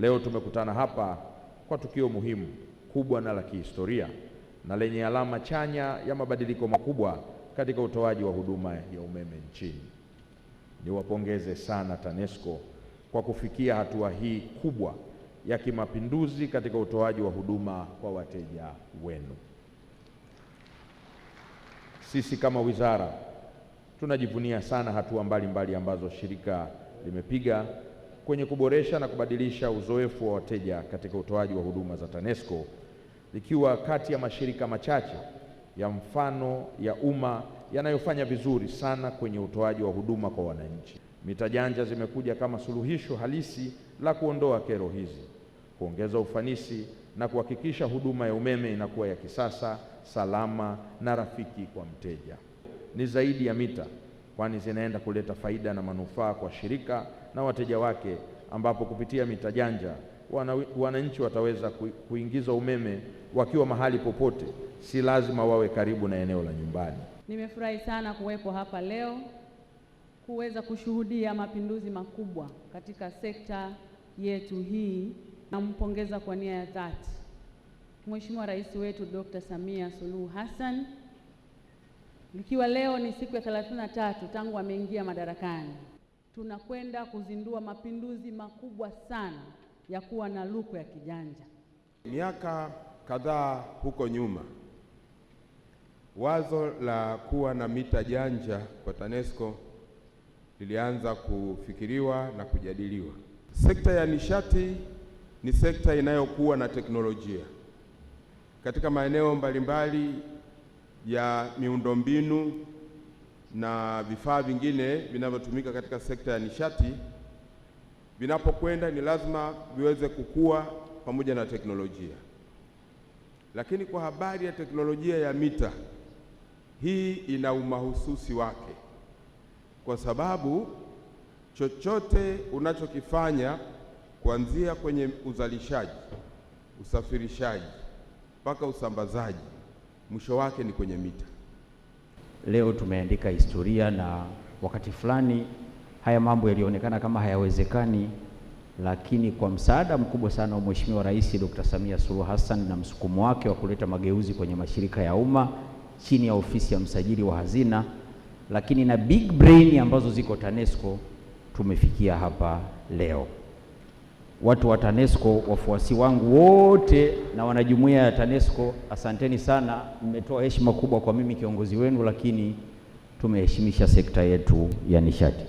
Leo tumekutana hapa kwa tukio muhimu kubwa na la kihistoria na lenye alama chanya ya mabadiliko makubwa katika utoaji wa huduma ya umeme nchini. Niwapongeze sana TANESCO kwa kufikia hatua hii kubwa ya kimapinduzi katika utoaji wa huduma kwa wateja wenu. Sisi kama wizara tunajivunia sana hatua mbalimbali ambazo shirika limepiga kwenye kuboresha na kubadilisha uzoefu wa wateja katika utoaji wa huduma za TANESCO likiwa kati ya mashirika machache ya mfano ya umma yanayofanya vizuri sana kwenye utoaji wa huduma kwa wananchi. Mita janja zimekuja kama suluhisho halisi la kuondoa kero hizi, kuongeza ufanisi na kuhakikisha huduma ya umeme inakuwa ya kisasa, salama na rafiki kwa mteja. Ni zaidi ya mita kwani zinaenda kuleta faida na manufaa kwa shirika na wateja wake, ambapo kupitia mita janja wananchi wataweza kuingiza umeme wakiwa mahali popote, si lazima wawe karibu na eneo la nyumbani. Nimefurahi sana kuwepo hapa leo kuweza kushuhudia mapinduzi makubwa katika sekta yetu hii. Nampongeza kwa nia ya dhati Mheshimiwa Rais wetu Dr. Samia Suluhu Hassan. Ikiwa leo ni siku ya 33 tangu ameingia madarakani, tunakwenda kuzindua mapinduzi makubwa sana ya kuwa na luku ya kijanja. Miaka kadhaa huko nyuma, wazo la kuwa na mita janja kwa TANESCO lilianza kufikiriwa na kujadiliwa. Sekta ya nishati ni sekta inayokuwa na teknolojia katika maeneo mbalimbali ya miundombinu na vifaa vingine vinavyotumika katika sekta ya nishati vinapokwenda ni lazima viweze kukua pamoja na teknolojia. Lakini kwa habari ya teknolojia ya mita, hii ina umahususi wake, kwa sababu chochote unachokifanya kuanzia kwenye uzalishaji, usafirishaji mpaka usambazaji mwisho wake ni kwenye mita. Leo tumeandika historia, na wakati fulani haya mambo yalionekana kama hayawezekani, lakini kwa msaada mkubwa sana wa Mheshimiwa Rais Dr. Samia Suluhu Hassan na msukumo wake wa kuleta mageuzi kwenye mashirika ya umma chini ya ofisi ya msajili wa hazina, lakini na big brain ambazo ziko TANESCO tumefikia hapa leo watu wa TANESCO, wafuasi wangu wote na wanajumuiya ya TANESCO, asanteni sana, mmetoa heshima kubwa kwa mimi kiongozi wenu, lakini tumeheshimisha sekta yetu ya nishati.